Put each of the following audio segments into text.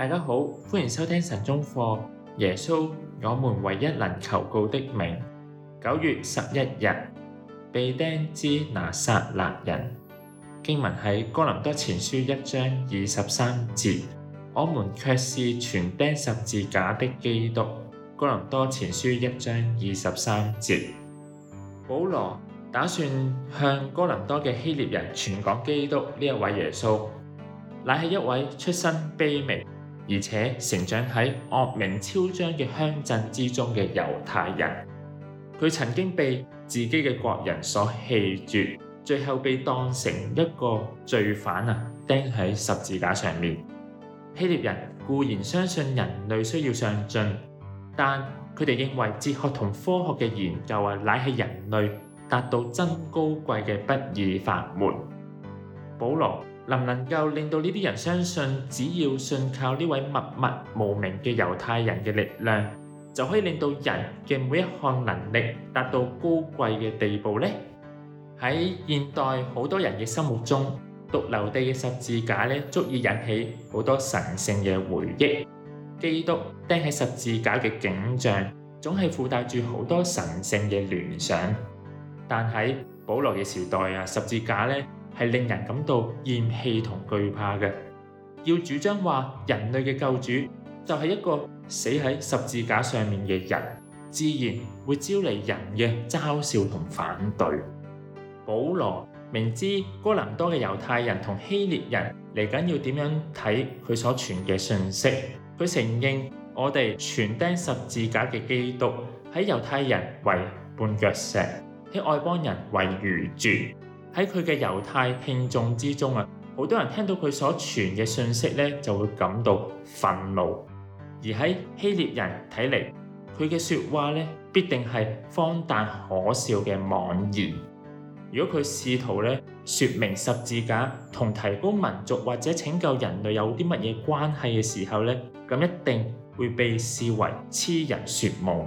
大家好，歡迎收聽神中課。耶穌，我們唯一能求告的名。九月十一日，被釘之拿撒勒人。經文喺哥林多前書一章二十三節。我們卻是全釘十字架的基督。哥林多前書一章二十三節。保羅打算向哥林多嘅希臘人傳講基督，呢一位耶穌，乃係一位出身卑微，而且成長喺惡名昭彰嘅鄉鎮之中嘅猶太人，佢曾經被自己嘅國人所棄絕，最後被當成一個罪犯啊釘喺十字架上面。希臘人固然相信人類需要上進，但佢哋認為哲學同科學嘅研究啊乃係人類達到真高貴嘅不二法門。保羅能唔能夠令到呢啲人相信，只要信靠呢位默默無名嘅猶太人嘅力量，就可以令到人嘅每一項能力達到高貴嘅地步呢？喺現代好多人嘅心目中，獨留地嘅十字架咧，足以引起好多神聖嘅回憶。基督釘喺十字架嘅景象，總係附帶住好多神聖嘅聯想。但喺保羅嘅時代啊，十字架咧。係令人感到厭棄同懼怕嘅。要主張話人類嘅救主就係一個死喺十字架上面嘅人，自然會招嚟人嘅嘲笑同反對。保羅明知哥林多嘅猶太人同希臘人嚟緊要點樣睇佢所傳嘅信息，佢承認我哋傳釘十字架嘅基督喺猶太人為絆腳石，喺外邦人為愚拙。喺佢嘅猶太聽眾之中啊，好多人聽到佢所傳嘅信息就會感到憤怒。而喺希臘人睇嚟，佢嘅說話呢，必定係荒誕可笑嘅妄言。如果佢試圖說明十字架同提高民族或者拯救人類有啲乜嘢關係嘅時候咧，咁一定會被視為痴人説夢。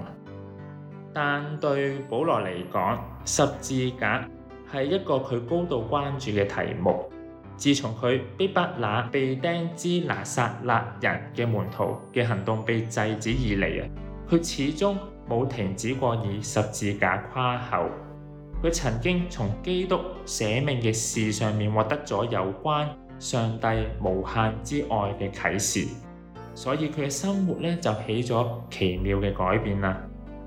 但對保羅嚟講，十字架。係一個佢高度關注嘅題目。自從佢逼迫被釘之拿撒勒人嘅門徒嘅行動被制止以嚟啊，佢始終冇停止過以十字架誇口。佢曾經從基督捨命嘅事上面獲得咗有關上帝無限之愛嘅啟示，所以佢嘅生活呢就起咗奇妙嘅改變啦。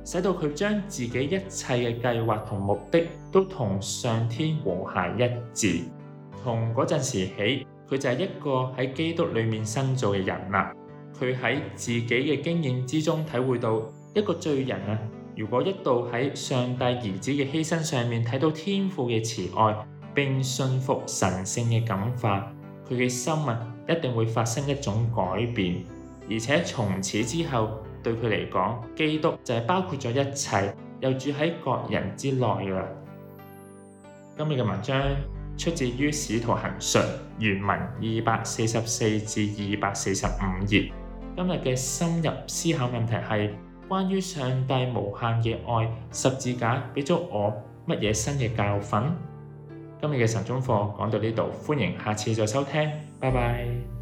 使到佢將自己一切嘅計劃同目的都同上天和諧一致。從嗰陣時起，佢就係一個喺基督裏面新造嘅人啦。佢喺自己嘅經驗之中體會到，一個罪人啊，如果一度喺上帝兒子嘅犧牲上面睇到天父嘅慈愛，並信服神性嘅感化，佢嘅心啊，一定會發生一種改變，而且從此之後。對佢嚟講，基督就係包括咗一切，又住喺各人之內啦。今日嘅文章出自於《使徒行述》原文二百四十四至二百四十五頁。今日嘅深入思考問題係關於上帝無限嘅愛，十字架俾咗我乜嘢新嘅教訓？今日嘅神中課講到呢度，歡迎下次再收聽，拜拜。